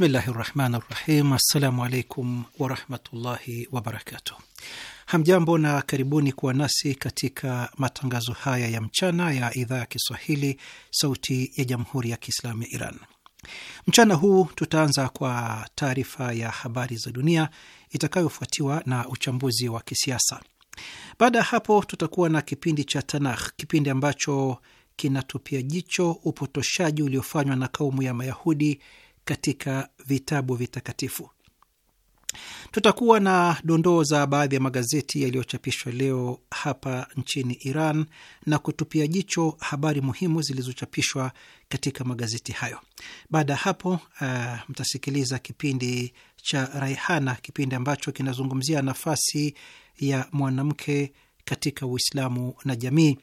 Bismillahi rahmani rahim. Assalamu alaikum warahmatullahi wabarakatuh. Hamjambo na karibuni kuwa nasi katika matangazo haya ya mchana ya idhaa ya Kiswahili, Sauti ya Jamhuri ya Kiislamu ya Iran. Mchana huu tutaanza kwa taarifa ya habari za dunia itakayofuatiwa na uchambuzi wa kisiasa. Baada ya hapo, tutakuwa na kipindi cha Tanakh, kipindi ambacho kinatupia jicho upotoshaji uliofanywa na kaumu ya Mayahudi katika vitabu vitakatifu. Tutakuwa na dondoo za baadhi ya magazeti yaliyochapishwa leo hapa nchini Iran na kutupia jicho habari muhimu zilizochapishwa katika magazeti hayo. Baada ya hapo, uh, mtasikiliza kipindi cha Raihana, kipindi ambacho kinazungumzia nafasi ya mwanamke katika Uislamu na jamii.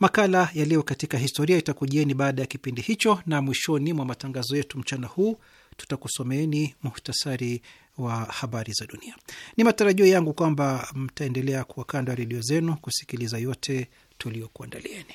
Makala ya leo katika historia itakujieni baada ya kipindi hicho, na mwishoni mwa matangazo yetu mchana huu tutakusomeeni muhtasari wa habari za dunia. Ni matarajio yangu kwamba mtaendelea kuwa kando ya redio zenu kusikiliza yote tuliokuandalieni.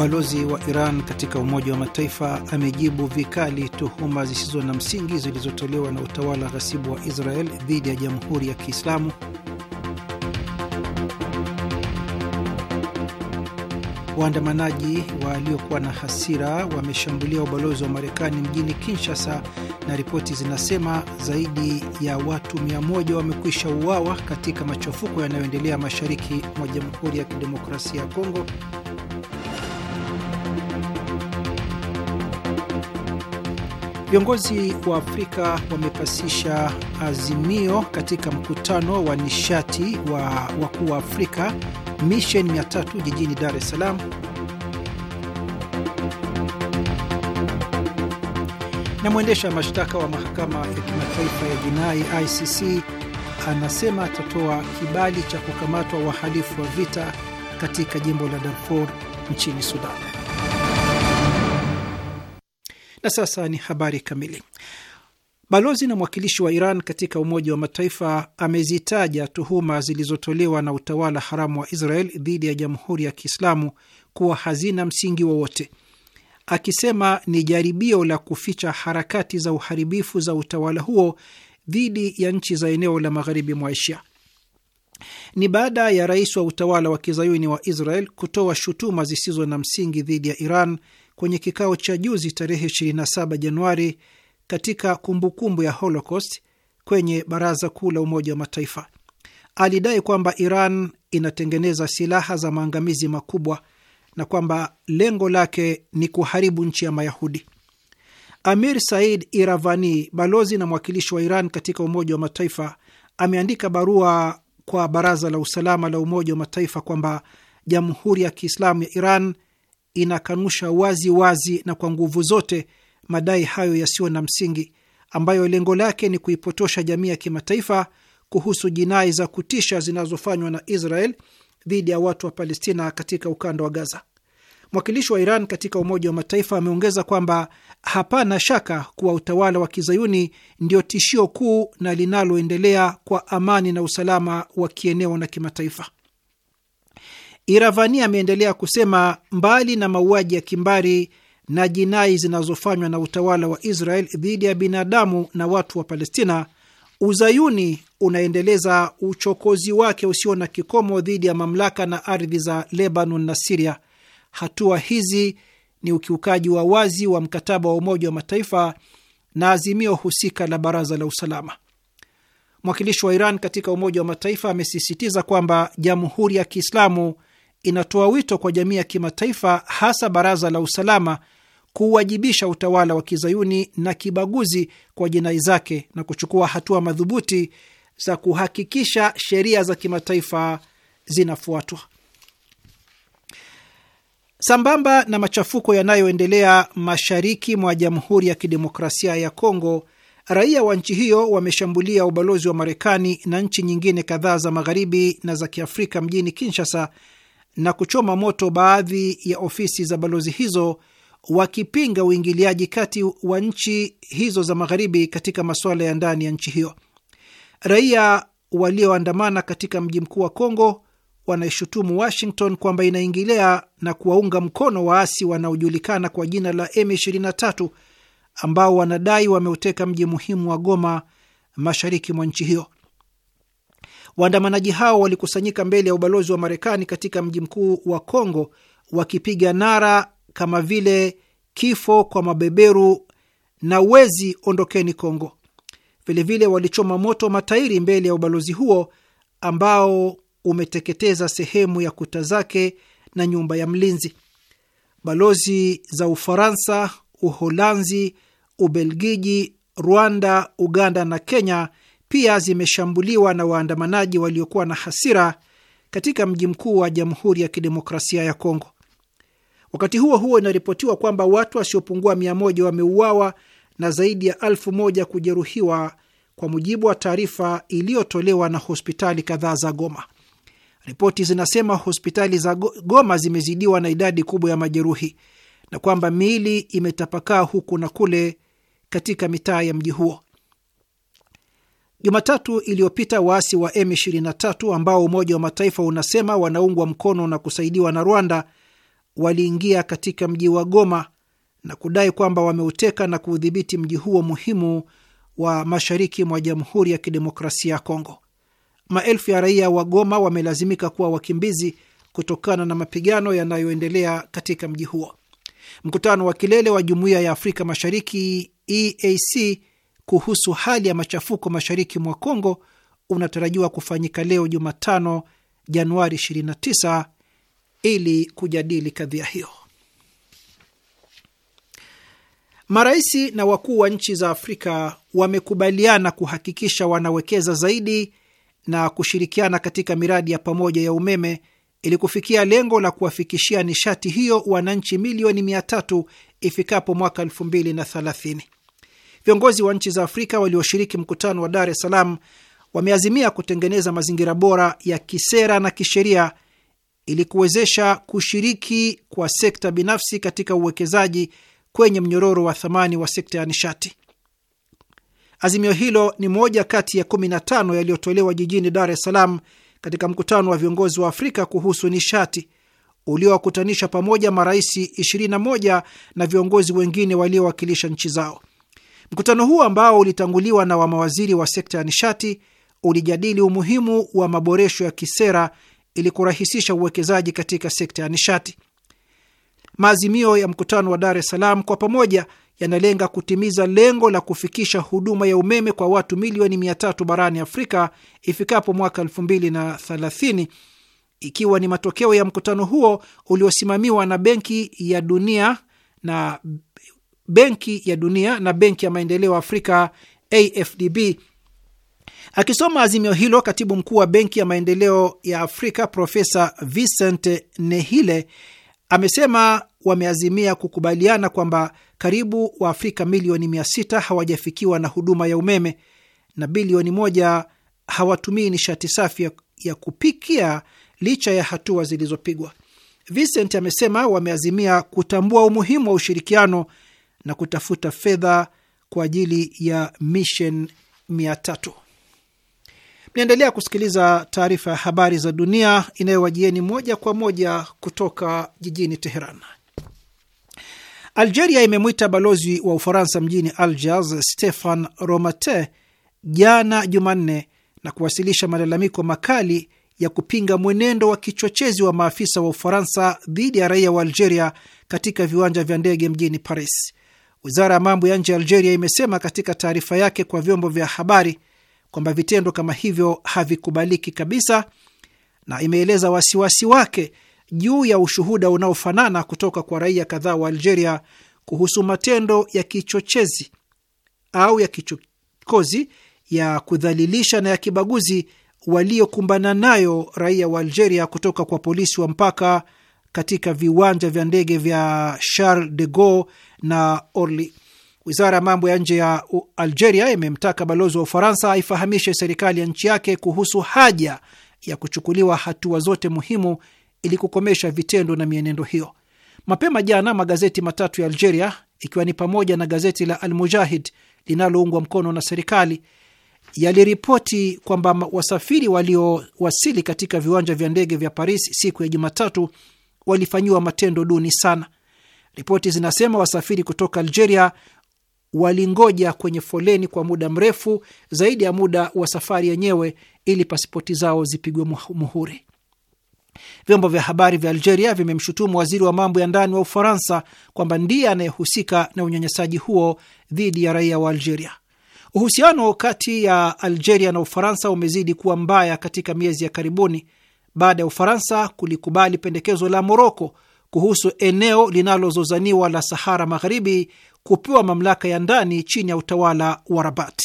Balozi wa Iran katika Umoja wa Mataifa amejibu vikali tuhuma zisizo na msingi zilizotolewa na utawala ghasibu wa Israel dhidi ya Jamhuri ya Kiislamu. Waandamanaji waliokuwa na hasira wameshambulia ubalozi wa Marekani mjini Kinshasa, na ripoti zinasema zaidi ya watu 1 wamekwisha uawa katika machafuko yanayoendelea mashariki mwa Jamhuri ya Kidemokrasia ya Kongo. Viongozi wa Afrika wamepasisha azimio katika mkutano wa nishati wa wakuu wa Afrika Mission 300 jijini Dar es Salaam. Na mwendesha mashtaka wa mahakama ya kimataifa ya jinai ICC anasema atatoa kibali cha kukamatwa wahalifu wa vita katika jimbo la Darfur nchini Sudan. Na sasa ni habari kamili. Balozi na mwakilishi wa Iran katika Umoja wa Mataifa amezitaja tuhuma zilizotolewa na utawala haramu wa Israel dhidi ya Jamhuri ya Kiislamu kuwa hazina msingi wowote, akisema ni jaribio la kuficha harakati za uharibifu za utawala huo dhidi ya nchi za eneo la magharibi mwa Asia. Ni baada ya rais wa utawala wa kizayuni wa Israel kutoa shutuma zisizo na msingi dhidi ya Iran kwenye kikao cha juzi tarehe 27 Januari katika kumbukumbu kumbu ya Holocaust kwenye Baraza Kuu la Umoja wa Mataifa. Alidai kwamba Iran inatengeneza silaha za maangamizi makubwa na kwamba lengo lake ni kuharibu nchi ya Mayahudi. Amir Said Iravani, balozi na mwakilishi wa Iran katika Umoja wa Mataifa, ameandika barua kwa Baraza la Usalama la Umoja wa Mataifa kwamba Jamhuri ya Kiislamu ya Iran inakanusha wazi wazi na kwa nguvu zote madai hayo yasiyo na msingi ambayo lengo lake ni kuipotosha jamii ya kimataifa kuhusu jinai za kutisha zinazofanywa na Israel dhidi ya watu wa Palestina katika ukanda wa Gaza. Mwakilishi wa Iran katika Umoja wa Mataifa ameongeza kwamba hapana shaka kuwa utawala wa kizayuni ndio tishio kuu na linaloendelea kwa amani na usalama wa kieneo na kimataifa. Iravani ameendelea kusema mbali na mauaji ya kimbari na jinai zinazofanywa na utawala wa Israel dhidi ya binadamu na watu wa Palestina, uzayuni unaendeleza uchokozi wake usio na kikomo dhidi ya mamlaka na ardhi za Lebanon na Siria. Hatua hizi ni ukiukaji wa wazi wa mkataba wa Umoja wa Mataifa na azimio husika la Baraza la Usalama. Mwakilishi wa Iran katika Umoja wa Mataifa amesisitiza kwamba Jamhuri ya Kiislamu inatoa wito kwa jamii ya kimataifa, hasa Baraza la Usalama, kuuwajibisha utawala wa kizayuni na kibaguzi kwa jinai zake na kuchukua hatua madhubuti za kuhakikisha sheria za kimataifa zinafuatwa. Sambamba na machafuko yanayoendelea mashariki mwa Jamhuri ya Kidemokrasia ya Kongo, raia wa nchi hiyo wameshambulia ubalozi wa Marekani na nchi nyingine kadhaa za magharibi na za Kiafrika mjini Kinshasa na kuchoma moto baadhi ya ofisi za balozi hizo wakipinga uingiliaji kati wa nchi hizo za magharibi katika masuala ya ndani ya nchi hiyo. Raia walioandamana katika mji mkuu wa Kongo wanaishutumu Washington kwamba inaingilia na kuwaunga mkono waasi wanaojulikana kwa jina la M23 ambao wanadai wameuteka mji muhimu wa Goma mashariki mwa nchi hiyo. Waandamanaji hao walikusanyika mbele ya ubalozi wa Marekani katika mji mkuu wa Kongo wakipiga nara kama vile kifo kwa mabeberu na wezi, ondokeni Kongo. Vilevile walichoma moto matairi mbele ya ubalozi huo ambao umeteketeza sehemu ya kuta zake na nyumba ya mlinzi. Balozi za Ufaransa, Uholanzi, Ubelgiji, Rwanda, Uganda na Kenya pia zimeshambuliwa na waandamanaji waliokuwa na hasira katika mji mkuu wa Jamhuri ya Kidemokrasia ya Kongo. Wakati huo huo, inaripotiwa kwamba watu wasiopungua mia moja wameuawa na zaidi ya elfu moja kujeruhiwa kwa mujibu wa taarifa iliyotolewa na hospitali kadhaa za Goma. Ripoti zinasema hospitali za Goma zimezidiwa na idadi kubwa ya majeruhi na kwamba miili imetapakaa huku na kule katika mitaa ya mji huo. Jumatatu iliyopita waasi wa M23 ambao Umoja wa Mataifa unasema wanaungwa mkono na kusaidiwa na Rwanda waliingia katika mji wa Goma na kudai kwamba wameuteka na kuudhibiti mji huo muhimu wa mashariki mwa Jamhuri ya Kidemokrasia ya Kongo. Maelfu ya raia wa Goma wamelazimika kuwa wakimbizi kutokana na mapigano yanayoendelea katika mji huo. Mkutano wa kilele wa Jumuiya ya Afrika Mashariki EAC kuhusu hali ya machafuko mashariki mwa Kongo unatarajiwa kufanyika leo Jumatano, Januari 29 ili kujadili kadhia hiyo. Maraisi na wakuu wa nchi za Afrika wamekubaliana kuhakikisha wanawekeza zaidi na kushirikiana katika miradi ya pamoja ya umeme ili kufikia lengo la kuwafikishia nishati hiyo wananchi milioni mia tatu ifikapo mwaka elfu mbili na thelathini. Viongozi wa nchi za Afrika walioshiriki mkutano wa Dar es Salaam wameazimia kutengeneza mazingira bora ya kisera na kisheria ili kuwezesha kushiriki kwa sekta binafsi katika uwekezaji kwenye mnyororo wa thamani wa sekta ya nishati. Azimio hilo ni moja kati ya 15 yaliyotolewa jijini Dar es Salaam katika mkutano wa viongozi wa Afrika kuhusu nishati uliowakutanisha pamoja marais 21 na viongozi wengine waliowakilisha nchi zao. Mkutano huu ambao ulitanguliwa na wamawaziri wa sekta ya nishati ulijadili umuhimu wa maboresho ya kisera ili kurahisisha uwekezaji katika sekta ya nishati. Maazimio ya mkutano wa Dar es Salaam kwa pamoja yanalenga kutimiza lengo la kufikisha huduma ya umeme kwa watu milioni tatu barani Afrika ifikapo mwaka 2030 ikiwa ni matokeo ya mkutano huo uliosimamiwa na Benki ya Dunia na Benki ya Dunia na Benki ya Maendeleo Afrika AFDB. Akisoma azimio hilo, katibu mkuu wa Benki ya Maendeleo ya Afrika Profesa Vincent Nehile amesema wameazimia kukubaliana kwamba karibu Waafrika milioni 600 hawajafikiwa na huduma ya umeme na bilioni moja hawatumii nishati safi ya, ya kupikia licha ya hatua zilizopigwa. Vincent amesema wameazimia kutambua umuhimu wa ushirikiano na kutafuta fedha kwa ajili ya mishen mia tatu. Mnaendelea kusikiliza taarifa ya habari za dunia inayowajieni moja kwa moja kutoka jijini Teheran. Algeria imemwita balozi wa Ufaransa mjini Algiers Stefan Romate jana Jumanne na kuwasilisha malalamiko makali ya kupinga mwenendo wa kichochezi wa maafisa wa Ufaransa dhidi ya raia wa Algeria katika viwanja vya ndege mjini Paris. Wizara ya mambo ya nje ya Algeria imesema katika taarifa yake kwa vyombo vya habari kwamba vitendo kama hivyo havikubaliki kabisa, na imeeleza wasiwasi wake juu ya ushuhuda unaofanana kutoka kwa raia kadhaa wa Algeria kuhusu matendo ya kichochezi au ya kichokozi ya kudhalilisha na ya kibaguzi waliokumbana nayo raia wa Algeria kutoka kwa polisi wa mpaka katika viwanja vya ndege vya Charles de Gaulle na Orly. Wizara ya mambo ya nje ya Algeria imemtaka balozi wa Ufaransa aifahamishe serikali ya nchi yake kuhusu haja ya kuchukuliwa hatua zote muhimu ili kukomesha vitendo na mienendo hiyo. Mapema jana magazeti matatu ya Algeria, ikiwa ni pamoja na gazeti la Al Mujahid linaloungwa mkono na serikali, yaliripoti kwamba wasafiri waliowasili katika viwanja vya ndege vya Paris siku ya Jumatatu walifanyiwa matendo duni sana. Ripoti zinasema wasafiri kutoka Algeria walingoja kwenye foleni kwa muda mrefu zaidi ya muda wa safari yenyewe ili pasipoti zao zipigwe muhuri. Vyombo vya habari vya Algeria vimemshutumu waziri wa mambo ya ndani wa Ufaransa kwamba ndiye anayehusika na unyanyasaji huo dhidi ya raia wa Algeria. Uhusiano kati ya Algeria na Ufaransa umezidi kuwa mbaya katika miezi ya karibuni baada ya Ufaransa kulikubali pendekezo la Moroko kuhusu eneo linalozozaniwa la Sahara Magharibi kupewa mamlaka ya ndani chini ya utawala wa Rabat.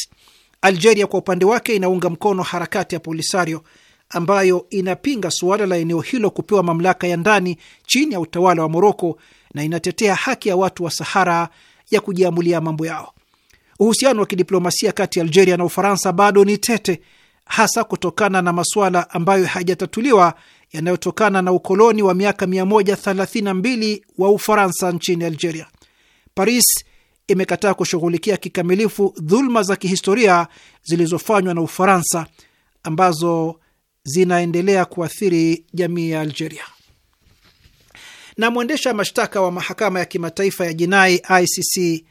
Algeria kwa upande wake inaunga mkono harakati ya Polisario ambayo inapinga suala la eneo hilo kupewa mamlaka ya ndani chini ya utawala wa Moroko na inatetea haki ya watu wa Sahara ya kujiamulia mambo yao. Uhusiano wa kidiplomasia kati ya Algeria na Ufaransa bado ni tete hasa kutokana na masuala ambayo hajatatuliwa yanayotokana na ukoloni wa miaka 132 wa Ufaransa nchini Algeria. Paris imekataa kushughulikia kikamilifu dhuluma za kihistoria zilizofanywa na Ufaransa ambazo zinaendelea kuathiri jamii ya Algeria. Na mwendesha mashtaka wa mahakama ya kimataifa ya jinai ICC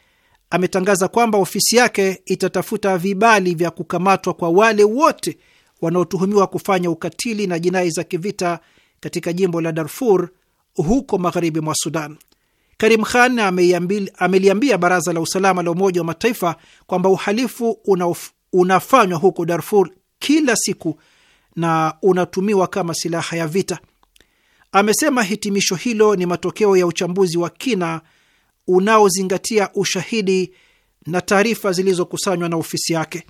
ametangaza kwamba ofisi yake itatafuta vibali vya kukamatwa kwa wale wote wanaotuhumiwa kufanya ukatili na jinai za kivita katika jimbo la Darfur huko magharibi mwa Sudan. Karim Khan ameliambia Baraza la Usalama la Umoja wa Mataifa kwamba uhalifu unafanywa huko Darfur kila siku na unatumiwa kama silaha ya vita. Amesema hitimisho hilo ni matokeo ya uchambuzi wa kina unaozingatia ushahidi na taarifa zilizokusanywa na ofisi yake.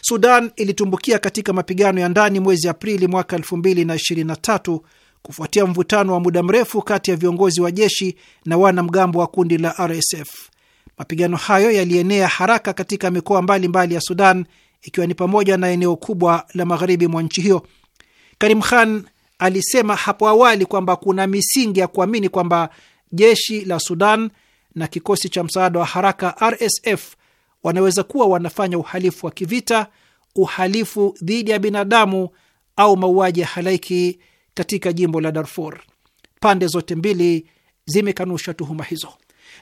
Sudan ilitumbukia katika mapigano ya ndani mwezi Aprili mwaka 2023 kufuatia mvutano wa muda mrefu kati ya viongozi wa jeshi na wanamgambo wa kundi la RSF. Mapigano hayo yalienea haraka katika mikoa mbalimbali ya Sudan, ikiwa ni pamoja na eneo kubwa la magharibi mwa nchi hiyo. Karim Khan alisema hapo awali kwamba kuna misingi ya kuamini kwamba jeshi la Sudan na kikosi cha msaada wa haraka RSF wanaweza kuwa wanafanya uhalifu wa kivita, uhalifu dhidi ya binadamu au mauaji ya halaiki katika jimbo la Darfur. Pande zote mbili zimekanusha tuhuma hizo.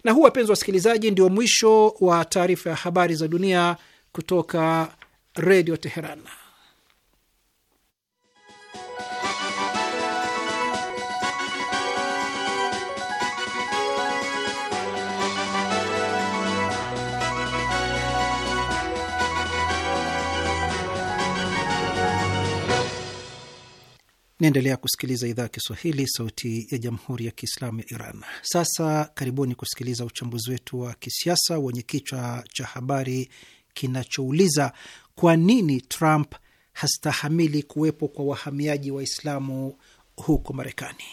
Na huu, wapenzi wa wasikilizaji, ndio mwisho wa taarifa ya habari za dunia kutoka Redio Teheran. Naendelea kusikiliza idhaa ya Kiswahili, sauti ya jamhuri ya kiislamu ya Iran. Sasa karibuni kusikiliza uchambuzi wetu wa kisiasa wenye kichwa cha habari kinachouliza kwa nini Trump hastahamili kuwepo kwa wahamiaji Waislamu huko Marekani.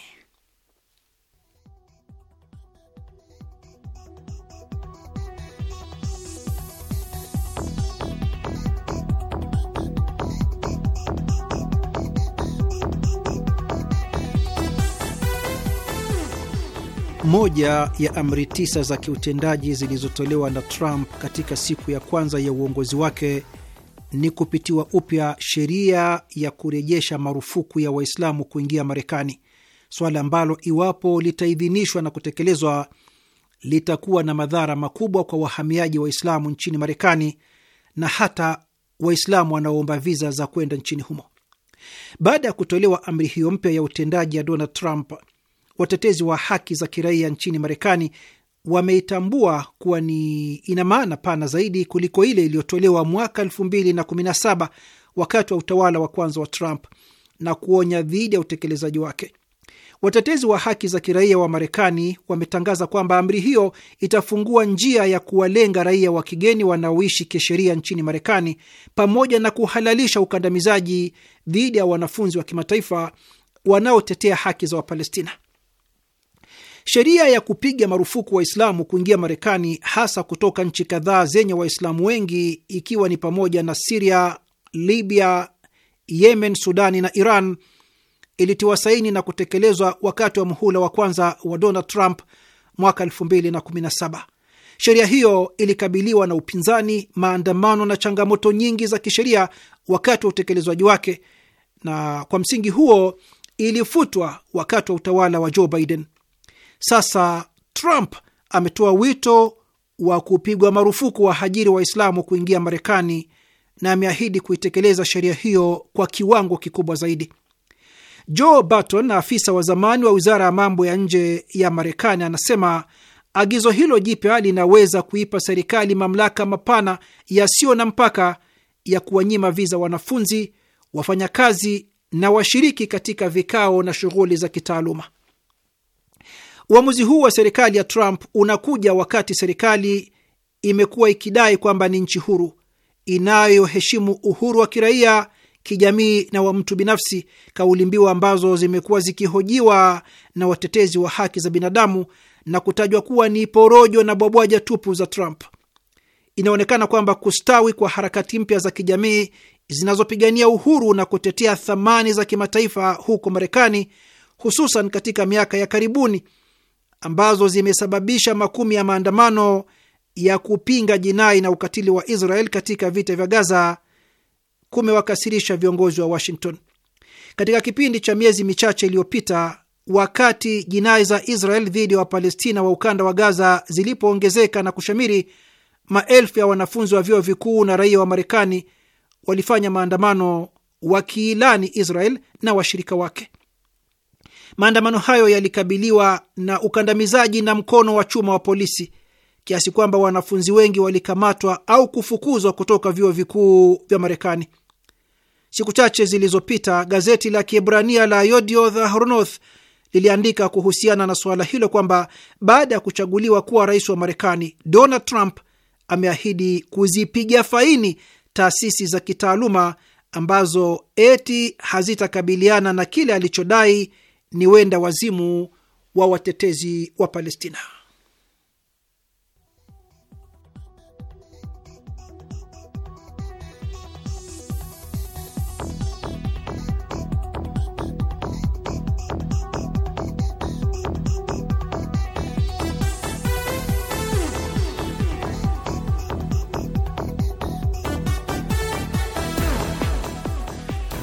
Moja ya amri tisa za kiutendaji zilizotolewa na Trump katika siku ya kwanza ya uongozi wake ni kupitiwa upya sheria ya kurejesha marufuku ya Waislamu kuingia Marekani, swala ambalo iwapo litaidhinishwa na kutekelezwa litakuwa na madhara makubwa kwa wahamiaji Waislamu nchini Marekani na hata Waislamu wanaoomba viza za kwenda nchini humo. Baada ya kutolewa amri hiyo mpya ya utendaji ya Donald Trump, watetezi wa haki za kiraia nchini Marekani wameitambua kuwa ni ina maana pana zaidi kuliko ile iliyotolewa mwaka 2017 wakati wa utawala wa kwanza wa Trump na kuonya dhidi ya utekelezaji wake. Watetezi wa haki za kiraia wa Marekani wametangaza kwamba amri hiyo itafungua njia ya kuwalenga raia wa kigeni wanaoishi kisheria nchini Marekani, pamoja na kuhalalisha ukandamizaji dhidi ya wanafunzi wa kimataifa wanaotetea haki za Wapalestina. Sheria ya kupiga marufuku Waislamu kuingia Marekani, hasa kutoka nchi kadhaa zenye Waislamu wengi, ikiwa ni pamoja na Siria, Libya, Yemen, Sudani na Iran, ilitiwa saini na kutekelezwa wakati wa muhula wa kwanza wa Donald Trump mwaka 2017. Sheria hiyo ilikabiliwa na upinzani, maandamano na changamoto nyingi za kisheria wakati wa utekelezwaji wake, na kwa msingi huo ilifutwa wakati wa utawala wa Joe Biden. Sasa Trump ametoa wito wa kupigwa marufuku wahajiri Waislamu kuingia Marekani na ameahidi kuitekeleza sheria hiyo kwa kiwango kikubwa zaidi. Joe Barton, afisa wa zamani wa wizara ya mambo ya nje ya Marekani, anasema agizo hilo jipya linaweza kuipa serikali mamlaka mapana yasiyo na mpaka ya kuwanyima viza wanafunzi, wafanyakazi na washiriki katika vikao na shughuli za kitaaluma. Uamuzi huu wa serikali ya Trump unakuja wakati serikali imekuwa ikidai kwamba ni nchi huru inayoheshimu uhuru wa kiraia, kijamii na wa mtu binafsi, kauli mbiu ambazo zimekuwa zikihojiwa na watetezi wa haki za binadamu na kutajwa kuwa ni porojo na bwabwaja tupu za Trump. Inaonekana kwamba kustawi kwa harakati mpya za kijamii zinazopigania uhuru na kutetea thamani za kimataifa huko Marekani, hususan katika miaka ya karibuni ambazo zimesababisha makumi ya maandamano ya kupinga jinai na ukatili wa Israel katika vita vya Gaza kumewakasirisha viongozi wa Washington. Katika kipindi cha miezi michache iliyopita, wakati jinai za Israel dhidi ya wa Wapalestina wa ukanda wa Gaza zilipoongezeka na kushamiri, maelfu ya wanafunzi wa vyuo vikuu na raia wa Marekani walifanya maandamano wakiilani Israel na washirika wake. Maandamano hayo yalikabiliwa na ukandamizaji na mkono wa chuma wa polisi kiasi kwamba wanafunzi wengi walikamatwa au kufukuzwa kutoka vyuo vikuu vya Marekani. Siku chache zilizopita gazeti la Kiebrania la Yedioth Ahronoth liliandika kuhusiana na suala hilo kwamba baada ya kuchaguliwa kuwa rais wa Marekani, Donald Trump ameahidi kuzipiga faini taasisi za kitaaluma ambazo eti hazitakabiliana na kile alichodai ni wenda wazimu wa watetezi wa Palestina.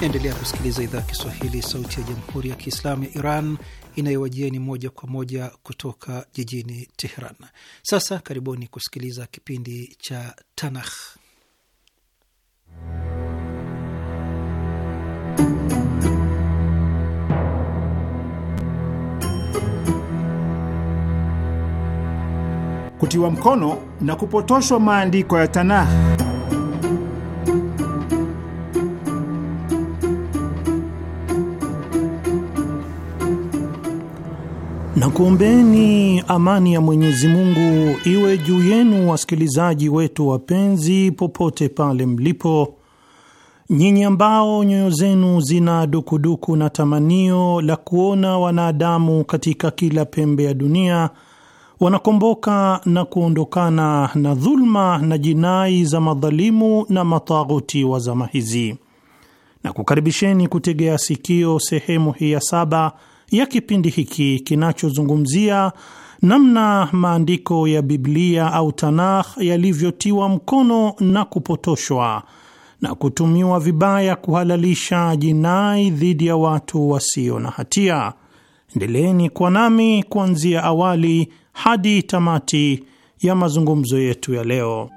Naendelea kusikiliza idhaa Kiswahili, sauti ya jamhuri ya kiislamu ya Iran inayowajieni moja kwa moja kutoka jijini Teheran. Sasa karibuni kusikiliza kipindi cha Tanakh. Kutiwa mkono na kupotoshwa maandiko ya Tanakh. na amani ya Mwenyezi Mungu iwe juu yenu, wasikilizaji wetu wapenzi, popote pale mlipo, nyinyi ambao nyoyo zenu zina dukuduku na tamanio la kuona wanadamu katika kila pembe ya dunia wanakomboka na kuondokana na dhulma na jinai za madhalimu na mataghuti wa zama hizi, na kukaribisheni kutegea sikio sehemu hii ya saba ya kipindi hiki kinachozungumzia namna maandiko ya Biblia au Tanakh yalivyotiwa mkono na kupotoshwa na kutumiwa vibaya kuhalalisha jinai dhidi ya watu wasio na hatia. Endeleeni kwa nami kuanzia awali hadi tamati ya mazungumzo yetu ya leo.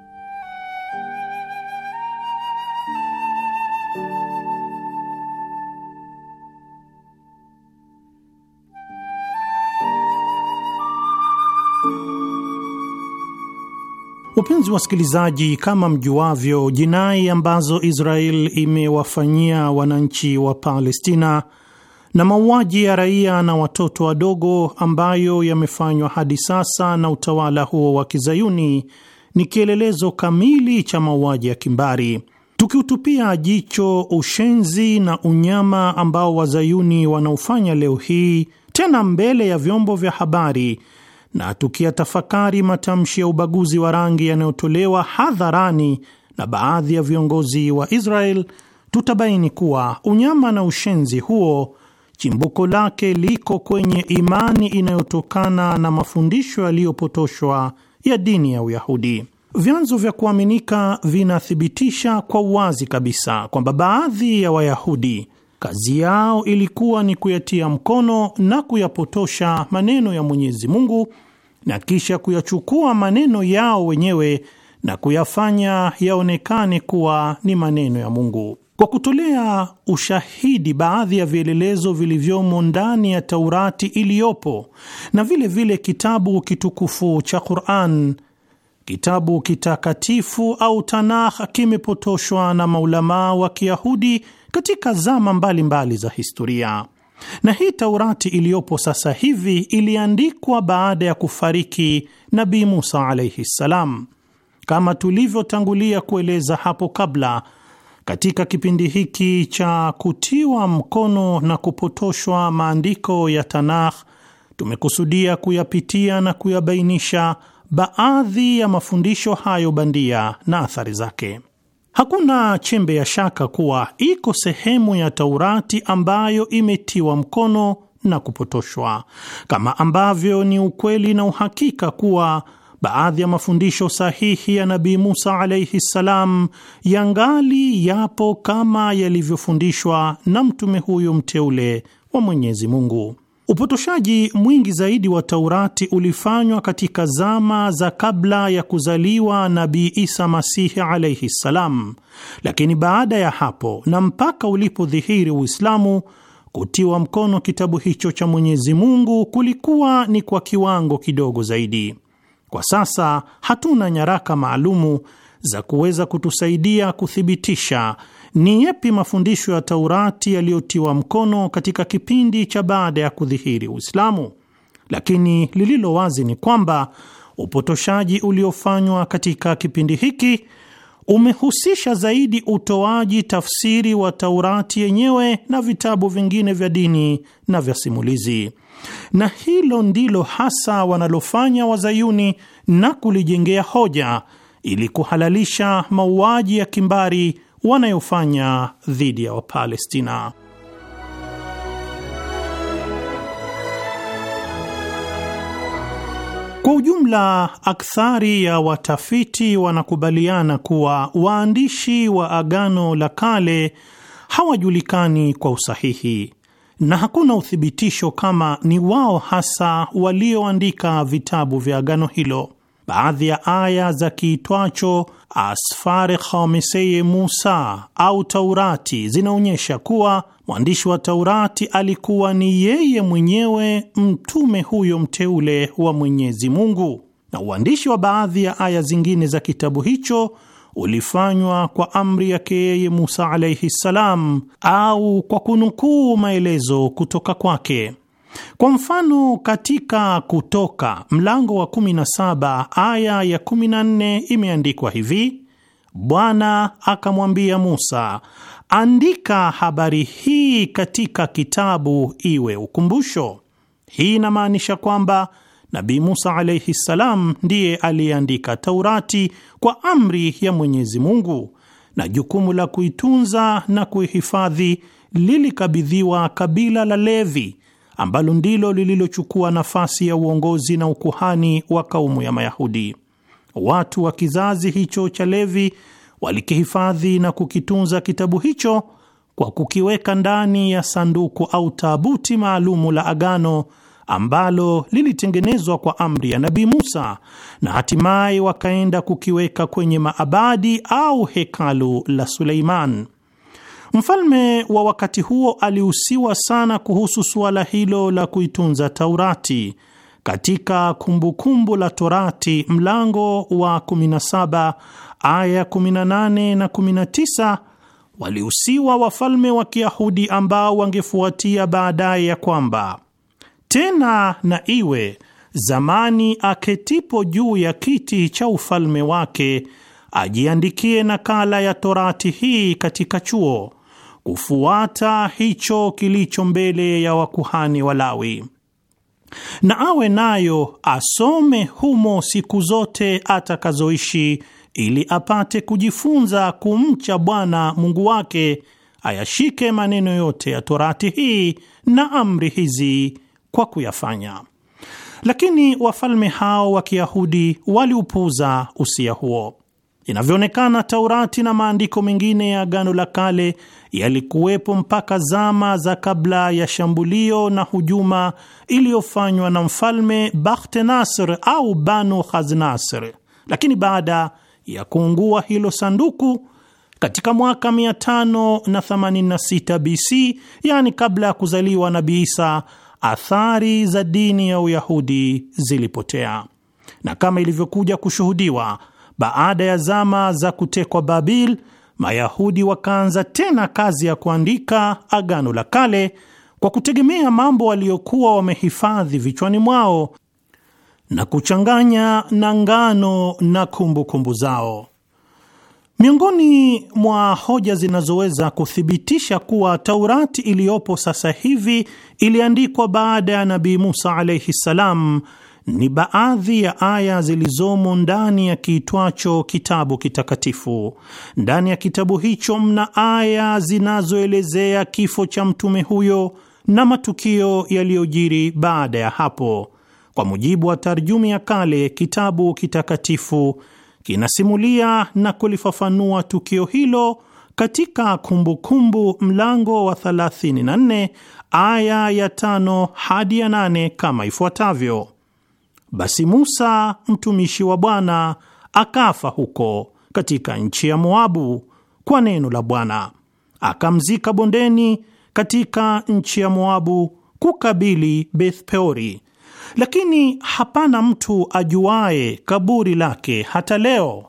Wapenzi wasikilizaji, kama mjuavyo, jinai ambazo Israel imewafanyia wananchi wa Palestina na mauaji ya raia na watoto wadogo ambayo yamefanywa hadi sasa na utawala huo wa kizayuni ni kielelezo kamili cha mauaji ya kimbari. Tukiutupia jicho ushenzi na unyama ambao wazayuni wanaofanya leo hii, tena mbele ya vyombo vya habari na tukiyatafakari matamshi ya ubaguzi wa rangi yanayotolewa hadharani na baadhi ya viongozi wa Israel, tutabaini kuwa unyama na ushenzi huo chimbuko lake liko kwenye imani inayotokana na mafundisho yaliyopotoshwa ya dini ya Uyahudi. Vyanzo vya kuaminika vinathibitisha kwa uwazi kabisa kwamba baadhi ya Wayahudi kazi yao ilikuwa ni kuyatia mkono na kuyapotosha maneno ya Mwenyezi Mungu na kisha kuyachukua maneno yao wenyewe na kuyafanya yaonekane kuwa ni maneno ya Mungu. Kwa kutolea ushahidi baadhi ya vielelezo vilivyomo ndani ya Taurati iliyopo na vile vile kitabu kitukufu cha Qur'an, kitabu kitakatifu au Tanakh kimepotoshwa na maulamaa wa Kiyahudi katika zama mbalimbali mbali za historia. Na hii Taurati iliyopo sasa hivi iliandikwa baada ya kufariki Nabii Musa alaihi ssalam. Kama tulivyotangulia kueleza hapo kabla, katika kipindi hiki cha kutiwa mkono na kupotoshwa maandiko ya Tanakh tumekusudia kuyapitia na kuyabainisha baadhi ya mafundisho hayo bandia na athari zake. Hakuna chembe ya shaka kuwa iko sehemu ya Taurati ambayo imetiwa mkono na kupotoshwa, kama ambavyo ni ukweli na uhakika kuwa baadhi ya mafundisho sahihi ya Nabii Musa alaihi ssalam yangali yapo kama yalivyofundishwa na mtume huyo mteule wa Mwenyezi Mungu. Upotoshaji mwingi zaidi wa Taurati ulifanywa katika zama za kabla ya kuzaliwa Nabii Isa Masihi alaihi ssalam, lakini baada ya hapo na mpaka ulipodhihiri Uislamu, kutiwa mkono kitabu hicho cha Mwenyezi Mungu kulikuwa ni kwa kiwango kidogo zaidi. Kwa sasa hatuna nyaraka maalumu za kuweza kutusaidia kuthibitisha ni yepi mafundisho ya Taurati yaliyotiwa mkono katika kipindi cha baada ya kudhihiri Uislamu, lakini lililo wazi ni kwamba upotoshaji uliofanywa katika kipindi hiki umehusisha zaidi utoaji tafsiri wa Taurati yenyewe na vitabu vingine vya dini na vya simulizi, na hilo ndilo hasa wanalofanya Wazayuni na kulijengea hoja ili kuhalalisha mauaji ya kimbari wanayofanya dhidi ya Wapalestina. Kwa ujumla, akthari ya watafiti wanakubaliana kuwa waandishi wa Agano la Kale hawajulikani kwa usahihi na hakuna uthibitisho kama ni wao hasa walioandika vitabu vya agano hilo baadhi ya aya za kiitwacho asfari Khamiseye Musa au Taurati zinaonyesha kuwa mwandishi wa Taurati alikuwa ni yeye mwenyewe mtume huyo mteule wa Mwenyezi Mungu, na uandishi wa baadhi ya aya zingine za kitabu hicho ulifanywa kwa amri yake yeye Musa alaihi ssalam, au kwa kunukuu maelezo kutoka kwake. Kwa mfano katika Kutoka mlango wa 17 aya ya 14 imeandikwa hivi: Bwana akamwambia Musa, andika habari hii katika kitabu iwe ukumbusho. Hii inamaanisha kwamba Nabii Musa alaihi ssalam ndiye aliyeandika Taurati kwa amri ya Mwenyezi Mungu, na jukumu la kuitunza na kuihifadhi lilikabidhiwa kabila la Levi ambalo ndilo lililochukua nafasi ya uongozi na ukuhani wa kaumu ya Mayahudi. Watu wa kizazi hicho cha Levi walikihifadhi na kukitunza kitabu hicho kwa kukiweka ndani ya sanduku au taabuti maalumu la agano ambalo lilitengenezwa kwa amri ya Nabii Musa na hatimaye wakaenda kukiweka kwenye maabadi au hekalu la Suleiman. Mfalme wa wakati huo alihusiwa sana kuhusu suala hilo la kuitunza Taurati. Katika Kumbukumbu kumbu la Torati mlango wa 17 aya 18 na 19, walihusiwa wafalme wa Kiyahudi ambao wangefuatia baadaye ya kwamba tena na iwe zamani aketipo juu ya kiti cha ufalme wake ajiandikie nakala ya Torati hii katika chuo kufuata hicho kilicho mbele ya wakuhani Walawi, na awe nayo asome humo siku zote atakazoishi, ili apate kujifunza kumcha Bwana Mungu wake, ayashike maneno yote ya Torati hii na amri hizi kwa kuyafanya. Lakini wafalme hao wa Kiyahudi waliupuuza usia huo. Inavyoonekana, Taurati na maandiko mengine ya Agano la Kale yalikuwepo mpaka zama za kabla ya shambulio na hujuma iliyofanywa na mfalme Bakhtenasr au Banu Khaznasr, lakini baada ya kuungua hilo sanduku katika mwaka 586 BC, yaani kabla ya kuzaliwa Nabii Isa, athari za dini ya Uyahudi zilipotea na kama ilivyokuja kushuhudiwa baada ya zama za kutekwa Babil, Mayahudi wakaanza tena kazi ya kuandika Agano la Kale kwa kutegemea mambo waliokuwa wamehifadhi vichwani mwao na kuchanganya na ngano na kumbukumbu kumbu zao. Miongoni mwa hoja zinazoweza kuthibitisha kuwa Taurati iliyopo sasa hivi iliandikwa baada ya Nabii Musa alaihi ssalam ni baadhi ya aya zilizomo ndani ya kiitwacho kitabu kitakatifu. Ndani ya kitabu hicho mna aya zinazoelezea kifo cha mtume huyo na matukio yaliyojiri baada ya hapo. Kwa mujibu wa tarjumi ya kale, kitabu kitakatifu kinasimulia na kulifafanua tukio hilo katika Kumbukumbu kumbu mlango wa 34 aya ya 5 hadi ya 8 kama ifuatavyo: basi Musa mtumishi wa Bwana akafa huko katika nchi ya Moabu kwa neno la Bwana, akamzika bondeni katika nchi ya Moabu kukabili Beth Peori, lakini hapana mtu ajuaye kaburi lake hata leo.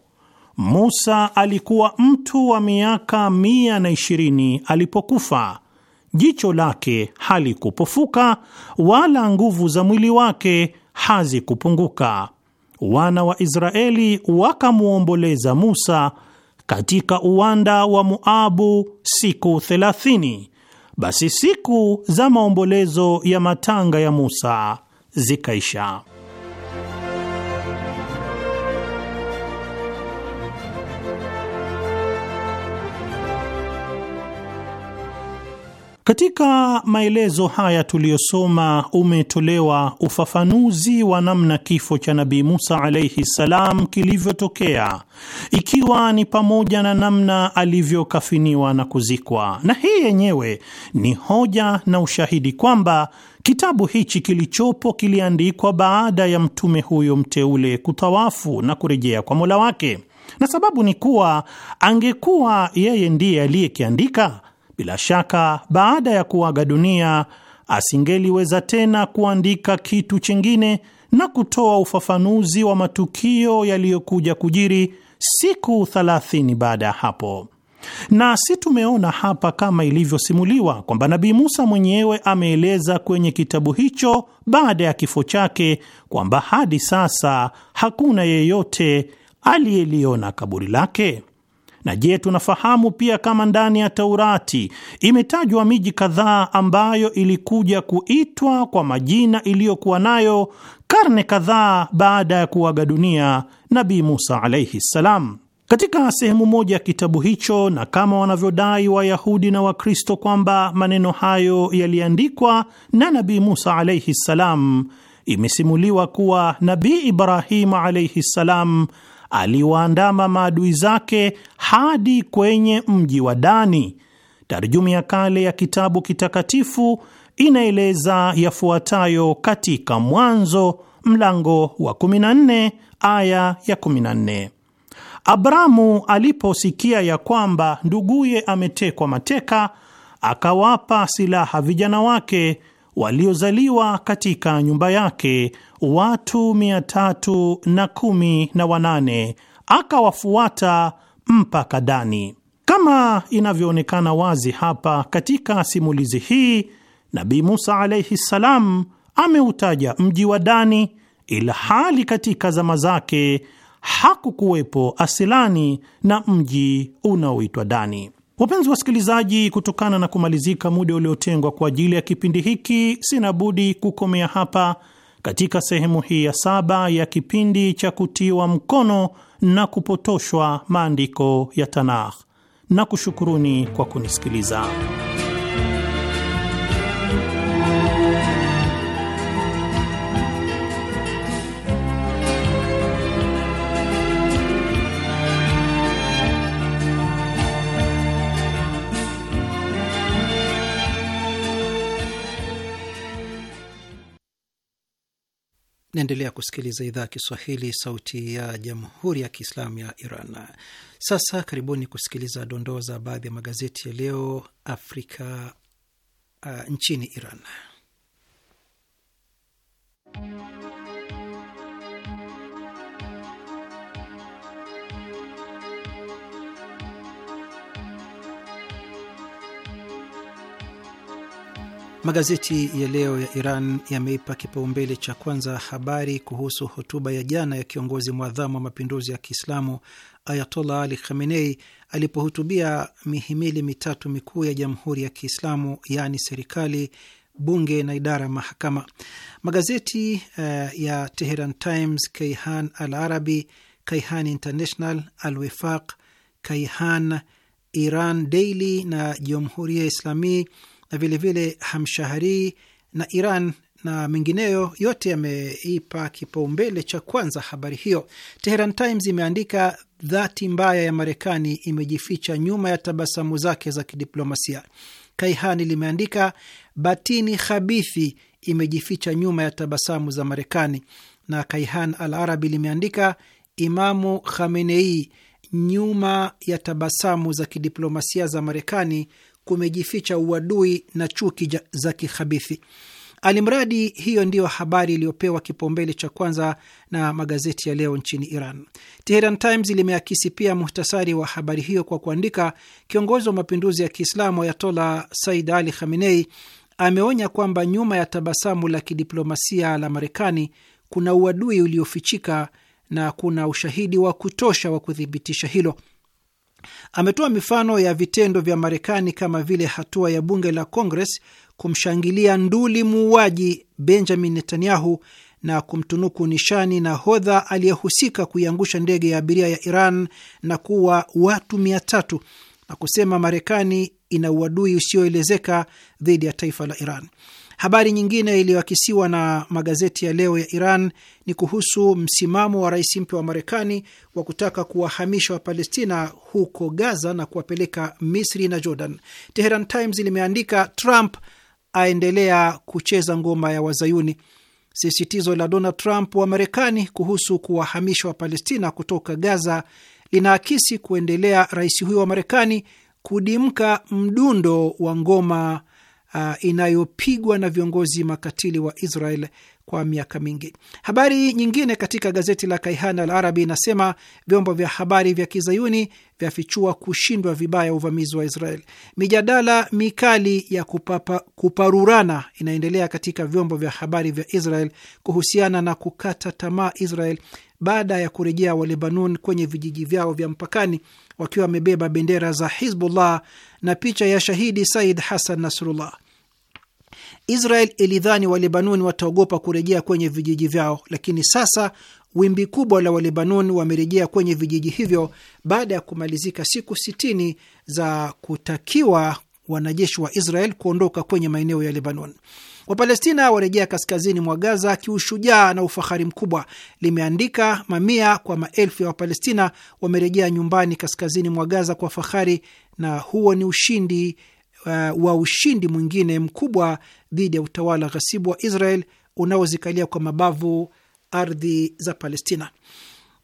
Musa alikuwa mtu wa miaka mia na ishirini alipokufa. Jicho lake halikupofuka wala nguvu za mwili wake hazikupunguka. Wana wa Israeli wakamwomboleza Musa katika uwanda wa Moabu siku thelathini. Basi siku za maombolezo ya matanga ya Musa zikaisha. Katika maelezo haya tuliyosoma umetolewa ufafanuzi wa namna kifo cha Nabii Musa alaihi ssalam kilivyotokea, ikiwa ni pamoja na namna alivyokafiniwa na kuzikwa, na hii yenyewe ni hoja na ushahidi kwamba kitabu hichi kilichopo kiliandikwa baada ya mtume huyo mteule kutawafu na kurejea kwa Mola wake, na sababu ni kuwa angekuwa yeye ndiye aliyekiandika bila shaka baada ya kuaga dunia asingeliweza tena kuandika kitu chingine na kutoa ufafanuzi wa matukio yaliyokuja kujiri siku thalathini baada ya hapo. Na si tumeona hapa kama ilivyosimuliwa kwamba Nabii Musa mwenyewe ameeleza kwenye kitabu hicho baada ya kifo chake kwamba hadi sasa hakuna yeyote aliyeliona kaburi lake. Na je, tunafahamu pia kama ndani ya Taurati imetajwa miji kadhaa ambayo ilikuja kuitwa kwa majina iliyokuwa nayo karne kadhaa baada ya kuaga dunia Nabii Musa alaihi ssalam? Katika sehemu moja ya kitabu hicho, na kama wanavyodai Wayahudi na Wakristo kwamba maneno hayo yaliandikwa na Nabii Musa alaihi ssalam, imesimuliwa kuwa Nabii Ibrahima alaihi ssalam aliwaandama maadui zake hadi kwenye mji wa Dani. Tarjumi ya kale ya kitabu kitakatifu inaeleza yafuatayo katika Mwanzo mlango wa 14 aya ya 14: Abramu aliposikia ya kwamba nduguye ametekwa mateka, akawapa silaha vijana wake waliozaliwa katika nyumba yake watu mia tatu na kumi na wanane akawafuata mpaka Dani. Kama inavyoonekana wazi hapa katika simulizi hii, nabi Musa alaihi ssalam ameutaja mji wa Dani, ila hali katika zama zake hakukuwepo asilani na mji unaoitwa Dani. Wapenzi wasikilizaji, kutokana na kumalizika muda uliotengwa kwa ajili ya kipindi hiki, sina budi kukomea hapa katika sehemu hii ya saba ya kipindi cha kutiwa mkono na kupotoshwa maandiko ya Tanakh na kushukuruni kwa kunisikiliza. Naendelea kusikiliza idhaa ya Kiswahili, sauti ya jamhuri ya kiislamu ya Iran. Sasa karibuni kusikiliza dondoo za baadhi ya magazeti ya leo Afrika uh, nchini Iran. Magazeti ya leo ya Iran yameipa kipaumbele cha kwanza habari kuhusu hotuba ya jana ya kiongozi mwadhamu wa mapinduzi ya Kiislamu Ayatollah Ali Khamenei alipohutubia mihimili mitatu mikuu ya Jamhuri ya Kiislamu, yaani serikali, bunge na idara ya mahakama. Magazeti uh, ya Teheran Times, Kaihan Al Arabi, Kaihan International, Al Wefaq, Kaihan Iran Daily na Jamhuria Islami na vilevile Hamshahari na Iran na mengineyo yote yameipa kipaumbele cha kwanza habari hiyo. Teheran Times imeandika dhati mbaya ya Marekani imejificha nyuma ya tabasamu zake za kidiplomasia. Kaihani limeandika batini khabithi imejificha nyuma ya tabasamu za Marekani, na Kaihan Al Arabi limeandika Imamu Khamenei nyuma ya tabasamu za kidiplomasia za Marekani kumejificha uadui na chuki za kihabithi. Alimradi hiyo ndiyo habari iliyopewa kipaumbele cha kwanza na magazeti ya leo nchini Iran. Teheran Times limeakisi pia muhtasari wa habari hiyo kwa kuandika, kiongozi wa mapinduzi ya Kiislamu Ayatola Said Ali Khamenei ameonya kwamba nyuma ya tabasamu la kidiplomasia la Marekani kuna uadui uliofichika na kuna ushahidi wa kutosha wa kuthibitisha hilo. Ametoa mifano ya vitendo vya Marekani kama vile hatua ya bunge la Congress kumshangilia nduli muuaji Benjamin Netanyahu na kumtunuku nishani na hodha aliyehusika kuiangusha ndege ya abiria ya Iran na kuwa watu mia tatu na kusema Marekani ina uadui usioelezeka dhidi ya taifa la Iran. Habari nyingine iliyoakisiwa na magazeti ya leo ya Iran ni kuhusu msimamo wa rais mpya wa Marekani wa kutaka kuwahamisha Wapalestina huko Gaza na kuwapeleka Misri na Jordan. Teheran Times limeandika Trump aendelea kucheza ngoma ya Wazayuni. Sisitizo la Donald Trump wa Marekani kuhusu kuwahamisha Wapalestina kutoka Gaza linaakisi kuendelea rais huyo wa Marekani kudimka mdundo wa ngoma uh, inayopigwa na viongozi makatili wa Israel kwa miaka mingi. Habari nyingine katika gazeti la Kaihan Al Arabi inasema vyombo vya habari vya kizayuni vyafichua kushindwa vibaya uvamizi wa Israel. Mijadala mikali ya kupapa, kuparurana inaendelea katika vyombo vya habari vya Israel kuhusiana na kukata tamaa Israel baada ya kurejea walebanun kwenye vijiji vyao vya mpakani wakiwa wamebeba bendera za Hizbullah na picha ya shahidi Said Hassan Nasrullah. Israel ilidhani Walebanoni wataogopa kurejea kwenye vijiji vyao, lakini sasa wimbi kubwa la Walebanoni wamerejea kwenye vijiji hivyo baada ya kumalizika siku sitini za kutakiwa wanajeshi wa Israel kuondoka kwenye maeneo ya Lebanon. Wapalestina warejea kaskazini mwa Gaza kiushujaa na ufahari mkubwa, limeandika. Mamia kwa maelfu ya Wapalestina wamerejea nyumbani kaskazini mwa Gaza kwa fahari, na huo ni ushindi uh, wa ushindi mwingine mkubwa dhidi ya utawala ghasibu wa Israel unaozikalia kwa mabavu ardhi za Palestina.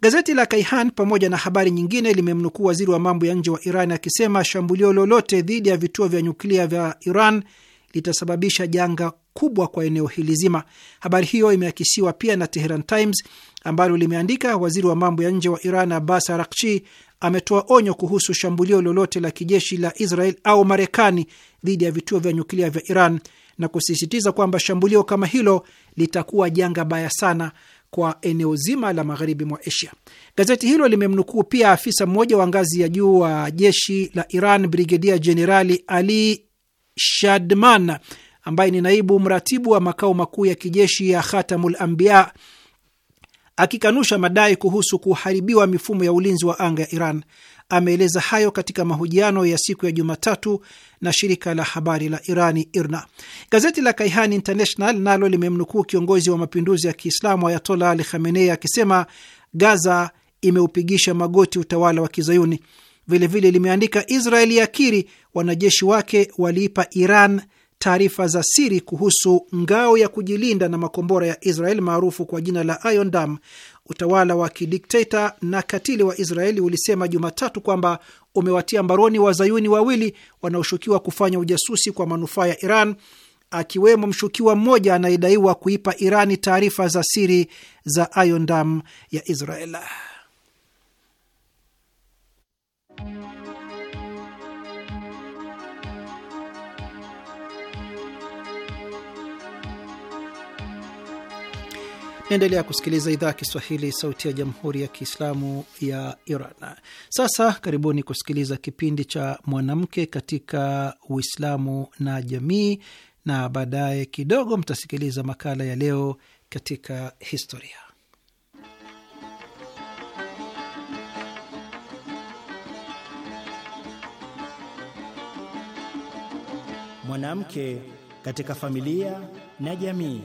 Gazeti la Kaihan pamoja na habari nyingine limemnukuu waziri wa mambo ya nje wa Iran akisema shambulio lolote dhidi ya vituo vya nyuklia vya Iran litasababisha janga kubwa kwa eneo hili zima. Habari hiyo imeakisiwa pia na Teheran Times ambalo limeandika waziri wa mambo ya nje wa Iran Abbas Arakchi ametoa onyo kuhusu shambulio lolote la kijeshi la Israel au Marekani dhidi ya vituo vya nyuklia vya Iran na kusisitiza kwamba shambulio kama hilo litakuwa janga baya sana kwa eneo zima la magharibi mwa Asia. Gazeti hilo limemnukuu pia afisa mmoja wa ngazi ya juu wa jeshi la Iran, Brigedia Jenerali Ali Shadman ambaye ni naibu mratibu wa makao makuu ya kijeshi ya Khatamul Anbiya akikanusha madai kuhusu kuharibiwa mifumo ya ulinzi wa anga ya Iran. Ameeleza hayo katika mahojiano ya siku ya Jumatatu na shirika la habari la Irani, IRNA. Gazeti la Kaihan International nalo limemnukuu kiongozi wa mapinduzi ya Kiislamu Ayatola Ali Khamenei akisema Gaza imeupigisha magoti utawala wa Kizayuni. Vilevile limeandika Israeli yakiri wanajeshi wake waliipa Iran taarifa za siri kuhusu ngao ya kujilinda na makombora ya Israel maarufu kwa jina la Iron Dome, utawala wa kidikteta na katili wa Israeli ulisema Jumatatu kwamba umewatia mbaroni wazayuni wawili wanaoshukiwa kufanya ujasusi kwa manufaa ya Iran, akiwemo mshukiwa mmoja anayedaiwa kuipa Irani taarifa za siri za Iron Dome ya Israel. Naendelea kusikiliza idhaa ya Kiswahili, sauti ya jamhuri ya kiislamu ya Iran. Sasa karibuni kusikiliza kipindi cha mwanamke katika Uislamu na jamii, na baadaye kidogo mtasikiliza makala ya leo katika historia. Mwanamke katika familia na jamii.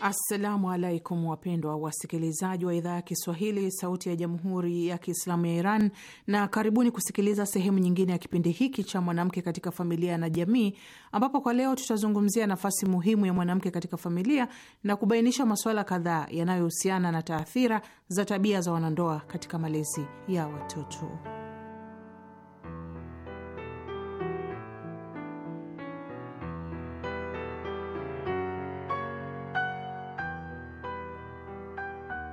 Assalamu alaikum wapendwa wasikilizaji wa idhaa ya Kiswahili sauti ya jamhuri ya Kiislamu ya Iran, na karibuni kusikiliza sehemu nyingine ya kipindi hiki cha mwanamke katika familia na jamii, ambapo kwa leo tutazungumzia nafasi muhimu ya mwanamke katika familia na kubainisha masuala kadhaa yanayohusiana na taathira za tabia za wanandoa katika malezi ya watoto.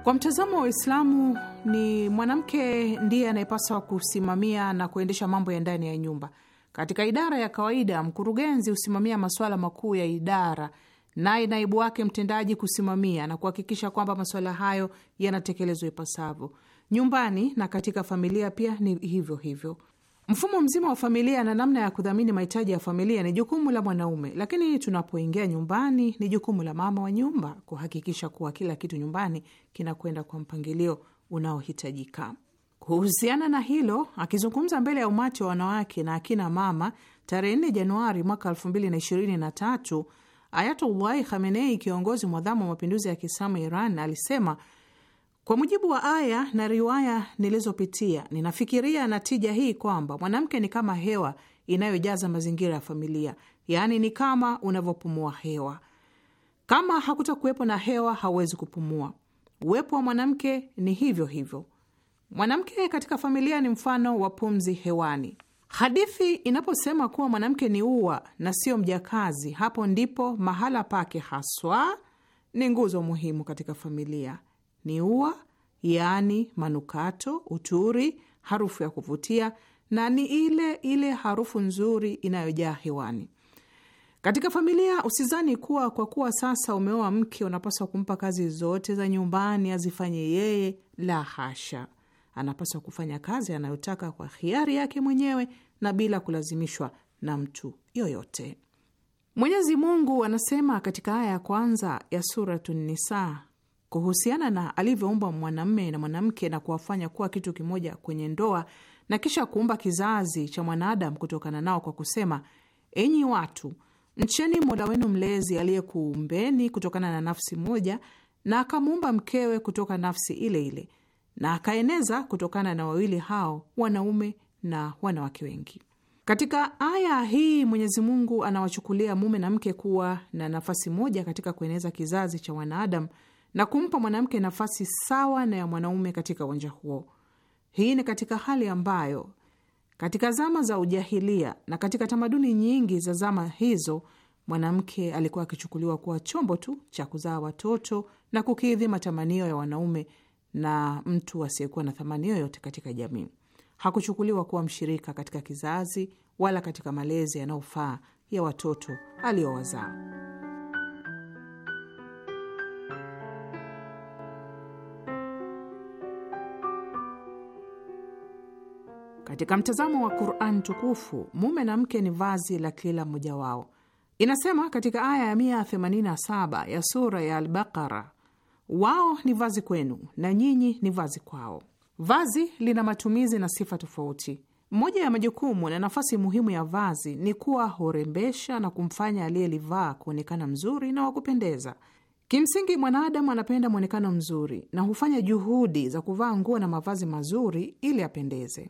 Kwa mtazamo wa Uislamu, ni mwanamke ndiye anayepaswa kusimamia na kuendesha mambo ya ndani ya nyumba. Katika idara ya kawaida, mkurugenzi husimamia masuala makuu ya idara, naye naibu wake mtendaji kusimamia na kuhakikisha kwamba masuala hayo yanatekelezwa ipasavyo. Nyumbani na katika familia pia ni hivyo hivyo. Mfumo mzima wa familia na namna ya kudhamini mahitaji ya familia ni jukumu la mwanaume, lakini tunapoingia nyumbani ni jukumu la mama wa nyumba kuhakikisha kuwa kila kitu nyumbani kinakwenda kwa mpangilio unaohitajika. Kuhusiana na hilo, akizungumza mbele ya umati wa wanawake na akina mama tarehe 4 Januari mwaka 2023, Ayatullahi Khamenei, kiongozi mwadhamu wa mapinduzi ya Kiislamu Iran, alisema kwa mujibu wa aya na riwaya nilizopitia, ninafikiria natija hii kwamba mwanamke ni kama hewa inayojaza mazingira ya familia, yaani ni kama unavyopumua hewa. Kama hakutakuwepo na hewa, hauwezi kupumua. Uwepo wa mwanamke ni hivyo hivyo. Mwanamke katika familia ni mfano wa pumzi hewani. Hadithi inaposema kuwa mwanamke ni ua na sio mjakazi, hapo ndipo mahala pake haswa ni nguzo muhimu katika familia ni ua, yaani manukato, uturi, harufu ya kuvutia na ni ile ile harufu nzuri inayojaa hewani. Katika familia, usizani kuwa kwa kuwa sasa umeoa mke unapaswa kumpa kazi zote za nyumbani azifanye yeye. La hasha, anapaswa kufanya kazi anayotaka kwa hiari yake mwenyewe na bila kulazimishwa na mtu yoyote. Mwenyezi Mungu anasema katika aya ya kwanza ya Suratu kuhusiana na alivyoumba mwanamme na mwanamke na kuwafanya kuwa kitu kimoja kwenye ndoa na kisha kuumba kizazi cha mwanadamu kutokana nao kwa kusema: enyi watu, mcheni Mola wenu mlezi aliyekuumbeni kutokana na nafsi moja, na akamuumba mkewe kutoka nafsi ile ile, na akaeneza kutokana na wawili hao wanaume na wanawake wengi. Katika aya hii Mwenyezi Mungu anawachukulia mume na mke kuwa na nafasi moja katika kueneza kizazi cha wanadamu na kumpa mwanamke nafasi sawa na ya mwanaume katika uwanja huo. Hii ni katika hali ambayo katika zama za ujahilia na katika tamaduni nyingi za zama hizo mwanamke alikuwa akichukuliwa kuwa chombo tu cha kuzaa watoto na kukidhi matamanio ya wanaume na mtu asiyekuwa na thamani yoyote katika jamii. Hakuchukuliwa kuwa mshirika katika kizazi wala katika malezi yanayofaa ya watoto aliyowazaa. Katika mtazamo wa Quran tukufu, mume na mke ni vazi la kila mmoja wao. Inasema katika aya ya 187 ya sura ya Albakara, wao ni vazi kwenu na nyinyi ni vazi kwao. Vazi lina matumizi na sifa tofauti. Moja ya majukumu na nafasi muhimu ya vazi ni kuwa hurembesha na kumfanya aliyelivaa kuonekana mzuri na wa kupendeza. Kimsingi, mwanadamu anapenda mwonekano mzuri na hufanya juhudi za kuvaa nguo na mavazi mazuri ili apendeze.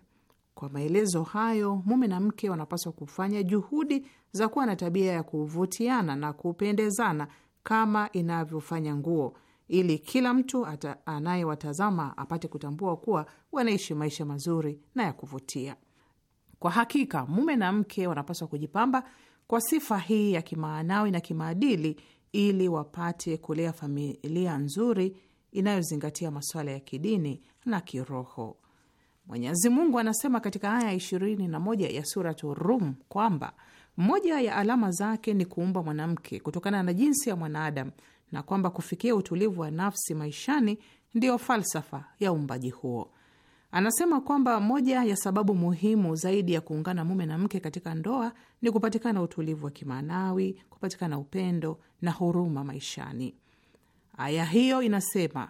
Kwa maelezo hayo, mume na mke wanapaswa kufanya juhudi za kuwa na tabia ya kuvutiana na kupendezana kama inavyofanya nguo, ili kila mtu anayewatazama apate kutambua kuwa wanaishi maisha mazuri na ya kuvutia. Kwa hakika, mume na mke wanapaswa kujipamba kwa sifa hii ya kimaanawi na kimaadili ili wapate kulea familia nzuri inayozingatia masuala ya kidini na kiroho. Mwenyezi Mungu anasema katika aya ishirini na moja ya suratu Rum kwamba moja ya alama zake ni kuumba mwanamke kutokana na jinsi ya mwanadamu na kwamba kufikia utulivu wa nafsi maishani ndiyo falsafa ya uumbaji huo. Anasema kwamba moja ya sababu muhimu zaidi ya kuungana mume na mke katika ndoa ni kupatikana utulivu wa kimaanawi, kupatikana upendo na huruma maishani. Aya hiyo inasema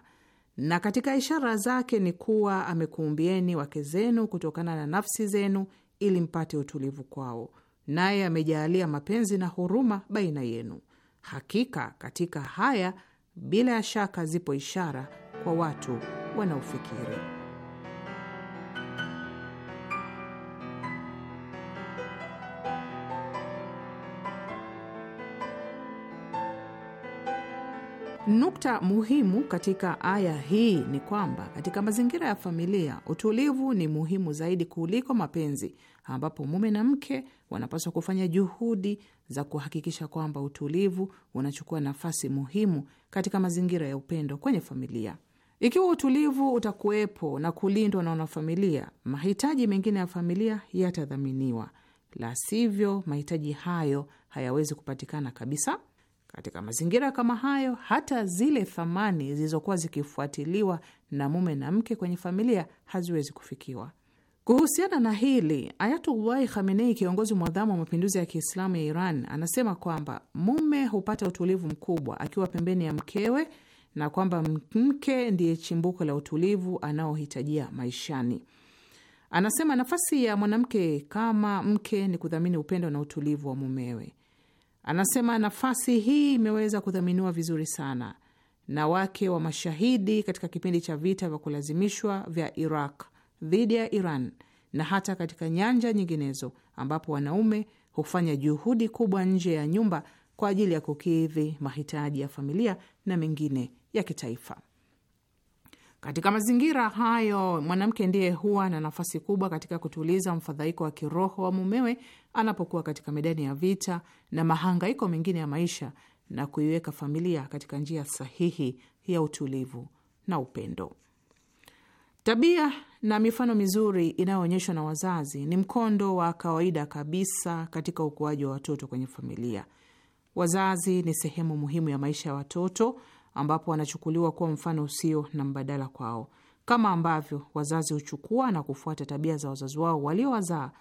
na katika ishara zake ni kuwa amekuumbieni wake zenu kutokana na nafsi zenu ili mpate utulivu kwao, naye amejaalia mapenzi na huruma baina yenu. Hakika katika haya bila ya shaka zipo ishara kwa watu wanaofikiri. Nukta muhimu katika aya hii ni kwamba katika mazingira ya familia utulivu ni muhimu zaidi kuliko mapenzi, ambapo mume na mke wanapaswa kufanya juhudi za kuhakikisha kwamba utulivu unachukua nafasi muhimu katika mazingira ya upendo kwenye familia. Ikiwa utulivu utakuwepo na kulindwa na wanafamilia, mahitaji mengine ya familia yatadhaminiwa, la sivyo mahitaji hayo hayawezi kupatikana kabisa. Katika mazingira kama hayo, hata zile thamani zilizokuwa zikifuatiliwa na mume na mke kwenye familia haziwezi kufikiwa. Kuhusiana na hili, Ayatullahi Khamenei, kiongozi mwadhamu wa mapinduzi ya Kiislamu ya Iran, anasema kwamba mume hupata utulivu mkubwa akiwa pembeni ya mkewe na kwamba mke ndiye chimbuko la utulivu anaohitajia maishani. Anasema nafasi ya mwanamke kama mke ni kudhamini upendo na utulivu wa mumewe. Anasema nafasi hii imeweza kudhaminiwa vizuri sana na wake wa mashahidi katika kipindi cha vita vya kulazimishwa vya Iraq dhidi ya Iran na hata katika nyanja nyinginezo ambapo wanaume hufanya juhudi kubwa nje ya nyumba kwa ajili ya kukidhi mahitaji ya familia na mengine ya kitaifa. Katika mazingira hayo, mwanamke ndiye huwa na nafasi kubwa katika kutuliza mfadhaiko wa kiroho wa mumewe anapokuwa katika medani ya vita na mahangaiko mengine ya maisha na kuiweka familia katika njia sahihi ya utulivu na upendo. Tabia na mifano mizuri inayoonyeshwa na wazazi ni mkondo wa kawaida kabisa katika ukuaji wa watoto kwenye familia. Wazazi ni sehemu muhimu ya maisha ya watoto ambapo wanachukuliwa kuwa mfano usio na mbadala kwao. Kama ambavyo wazazi huchukua na kufuata tabia za wazazi wao waliowazaa,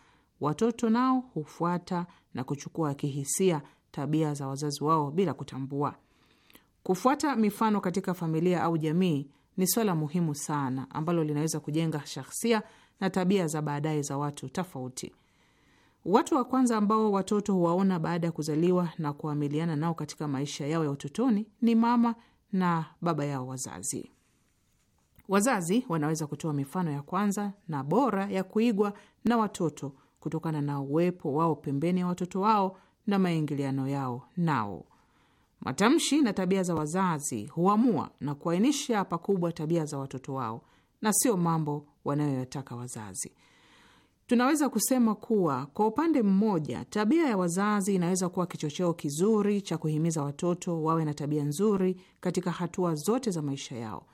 watoto nao hufuata na kuchukua kihisia tabia za wazazi wao bila kutambua. Kufuata mifano katika familia au jamii ni swala muhimu sana ambalo linaweza kujenga shahsia na tabia za baadaye za watu tofauti. Watu wa kwanza ambao watoto huwaona baada ya kuzaliwa na kuamiliana nao katika maisha yao ya utotoni ni mama na baba yao wazazi. Wazazi wanaweza kutoa mifano ya kwanza na bora ya kuigwa na watoto kutokana na uwepo wao pembeni ya watoto wao na maingiliano yao nao. Matamshi na tabia za wazazi huamua na kuainisha pakubwa tabia za watoto wao na sio mambo wanayoyataka wazazi. Tunaweza kusema kuwa kwa upande mmoja, tabia ya wazazi inaweza kuwa kichocheo kizuri cha kuhimiza watoto wawe na tabia nzuri katika hatua zote za maisha yao.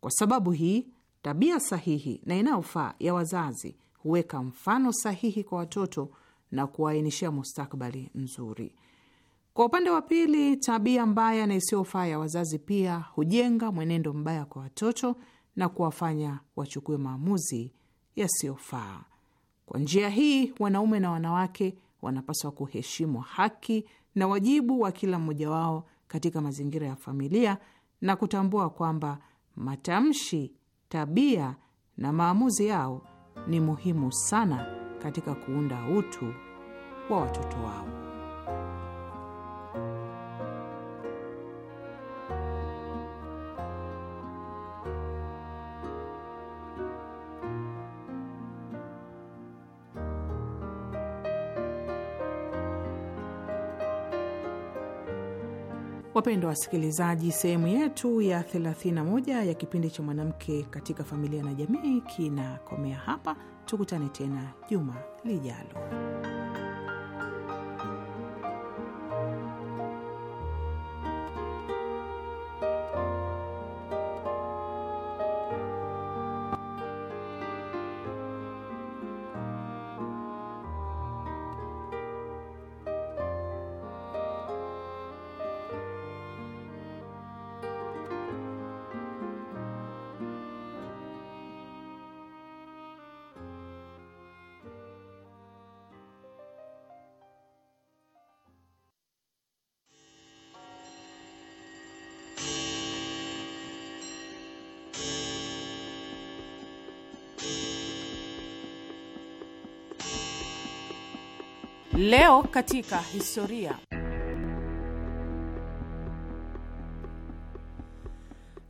Kwa sababu hii, tabia sahihi na inayofaa ya wazazi huweka mfano sahihi kwa watoto na kuwaainishia mustakabali mzuri. Kwa upande wa pili, tabia mbaya na isiyofaa ya wazazi pia hujenga mwenendo mbaya kwa watoto na kuwafanya wachukue maamuzi yasiyofaa. Kwa njia hii, wanaume na wanawake wanapaswa kuheshimu haki na wajibu wa kila mmoja wao katika mazingira ya familia na kutambua kwamba matamshi, tabia na maamuzi yao ni muhimu sana katika kuunda utu wa watoto wao. Wapendwa wasikilizaji, sehemu yetu ya 31 ya kipindi cha mwanamke katika familia na jamii kinakomea hapa. Tukutane tena juma lijalo. Leo katika historia.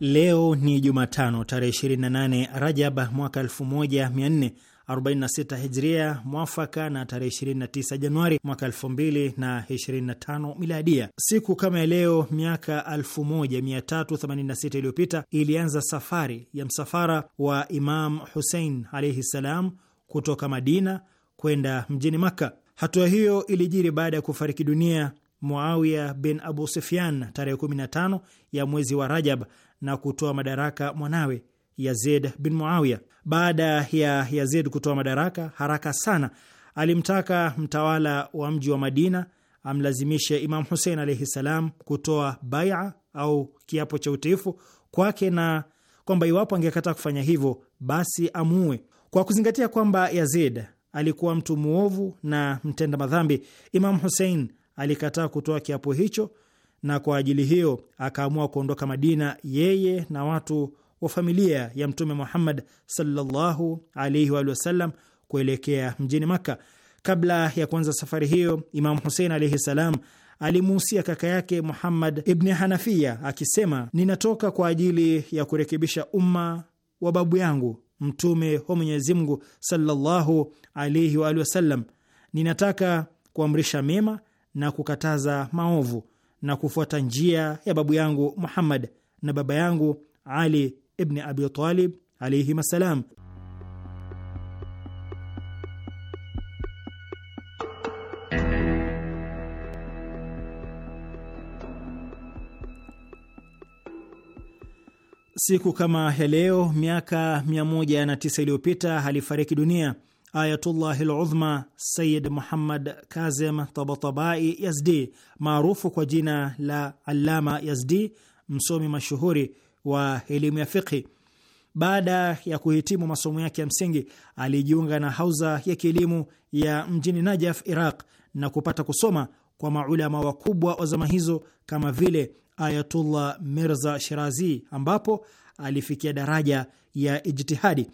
Leo ni Jumatano tarehe 28 Rajab mwaka 1446 Hijria, mwafaka na tarehe 29 Januari mwaka 2025 Miladia. Siku kama ya leo miaka 1386 iliyopita ilianza safari ya msafara wa Imam Husein alaihi ssalam kutoka Madina kwenda mjini Makka. Hatua hiyo ilijiri baada ya kufariki dunia Muawiya bin Abu Sufyan tarehe 15 ya mwezi wa Rajab na kutoa madaraka mwanawe Yazid bin Muawiya. Baada ya Yazid kutoa madaraka haraka sana, alimtaka mtawala wa mji wa Madina amlazimishe Imam Husein alaihi ssalam kutoa baia au kiapo cha utiifu kwake na kwamba iwapo angekataa kufanya hivyo, basi amuue Kwa kuzingatia kwamba Yazid alikuwa mtu mwovu na mtenda madhambi. Imam husein alikataa kutoa kiapo hicho, na kwa ajili hiyo akaamua kuondoka Madina, yeye na watu wa familia ya Mtume Muhammad sallallahu alaihi wa sallam kuelekea mjini Makka. Kabla ya kuanza safari hiyo, Imam husein alaihi salam alimuhusia kaka yake Muhammad ibni Hanafia akisema, ninatoka kwa ajili ya kurekebisha umma wa babu yangu mtume wa Mwenyezi Mungu sallallahu alaihi wa alihi wasallam, ninataka kuamrisha mema na kukataza maovu na kufuata njia ya babu yangu Muhammad na baba yangu Ali ibni Abi Talib alaihim assalam. Siku kama ya leo miaka 109 iliyopita alifariki dunia Ayatullah Ludhma Sayid Muhammad Kazem Tabatabai Yazdi, maarufu kwa jina la Allama Yazdi, msomi mashuhuri wa elimu ya fiqhi. Baada ya kuhitimu masomo yake ya msingi, alijiunga na hauza ya kielimu ya mjini Najaf, Iraq, na kupata kusoma kwa maulama wakubwa wa zama hizo kama vile Ayatullah Mirza Shirazi, ambapo alifikia daraja ya ijtihadi.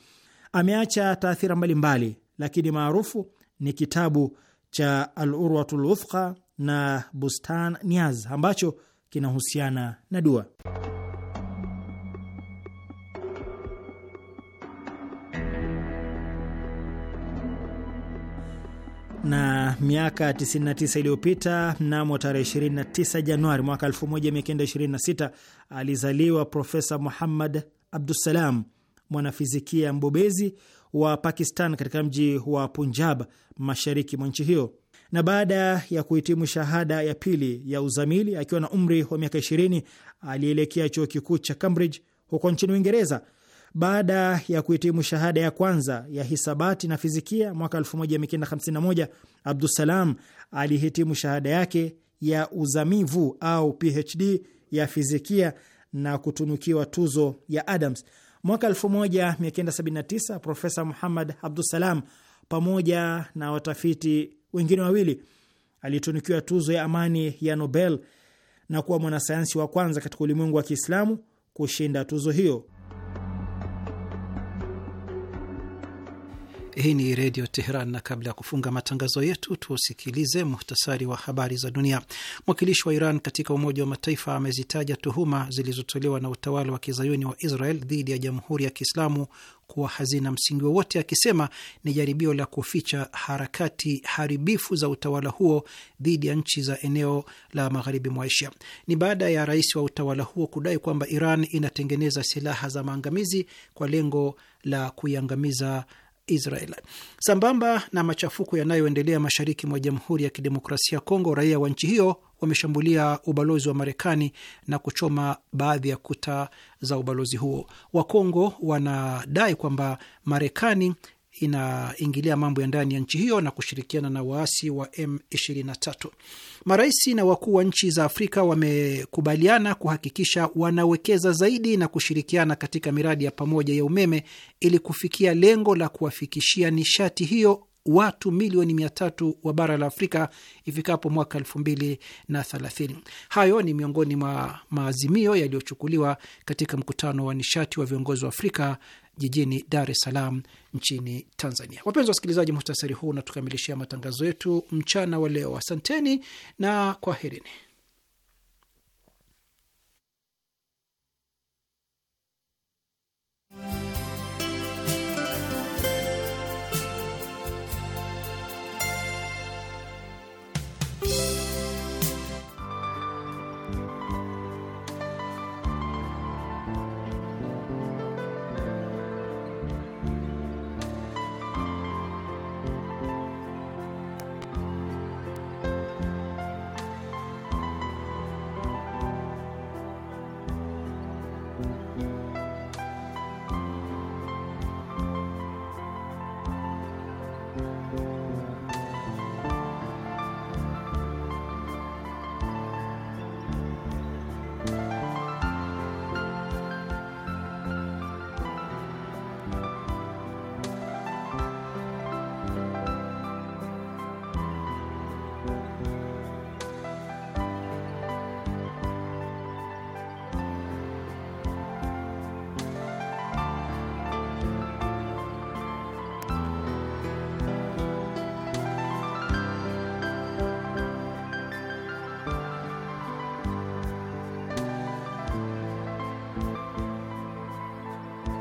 Ameacha taathira mbalimbali, lakini maarufu ni kitabu cha alurwatu Lwuthqa na Bustan Niaz ambacho kinahusiana na dua. na miaka 99 iliyopita, mnamo tarehe 29 Januari mwaka 1926 alizaliwa Profesa Muhammad Abdusalam, mwanafizikia mbobezi wa Pakistan katika mji wa Punjab, mashariki mwa nchi hiyo. Na baada ya kuhitimu shahada ya pili ya uzamili akiwa na umri wa miaka 20, alielekea chuo kikuu cha Cambridge huko nchini Uingereza baada ya kuhitimu shahada ya kwanza ya hisabati na fizikia mwaka 1951, Abdusalam alihitimu shahada yake ya uzamivu au PhD ya fizikia na kutunukiwa tuzo ya Adams. Mwaka 1979 Profesa Muhammad Abdusalam pamoja na watafiti wengine wawili alitunukiwa tuzo ya amani ya Nobel na kuwa mwanasayansi wa kwanza katika ulimwengu wa Kiislamu kushinda tuzo hiyo. Hii ni Redio Teheran, na kabla ya kufunga matangazo yetu tusikilize muhtasari wa habari za dunia. Mwakilishi wa Iran katika Umoja wa Mataifa amezitaja tuhuma zilizotolewa na utawala wa kizayuni wa Israel dhidi ya Jamhuri ya Kiislamu kuwa hazina msingi wowote, akisema ni jaribio la kuficha harakati haribifu za utawala huo dhidi ya nchi za eneo la magharibi mwa Asia. Ni baada ya rais wa utawala huo kudai kwamba Iran inatengeneza silaha za maangamizi kwa lengo la kuiangamiza Israel. Sambamba na machafuko yanayoendelea mashariki mwa Jamhuri ya Kidemokrasia Kongo, raia wa nchi hiyo wameshambulia ubalozi wa Marekani na kuchoma baadhi ya kuta za ubalozi huo. Wakongo wanadai kwamba Marekani inaingilia mambo ya ndani ya nchi hiyo na kushirikiana na waasi wa M23. Marais na wakuu wa nchi za Afrika wamekubaliana kuhakikisha wanawekeza zaidi na kushirikiana katika miradi ya pamoja ya umeme ili kufikia lengo la kuwafikishia nishati hiyo watu milioni mia tatu wa bara la Afrika ifikapo mwaka elfu mbili na thelathini. Hayo ni miongoni mwa maazimio yaliyochukuliwa katika mkutano wa nishati wa viongozi wa Afrika jijini Dar es Salaam nchini Tanzania. Wapenzi wasikilizaji, muhtasari huu unatukamilishia matangazo yetu mchana wa leo. Asanteni na kwaherini.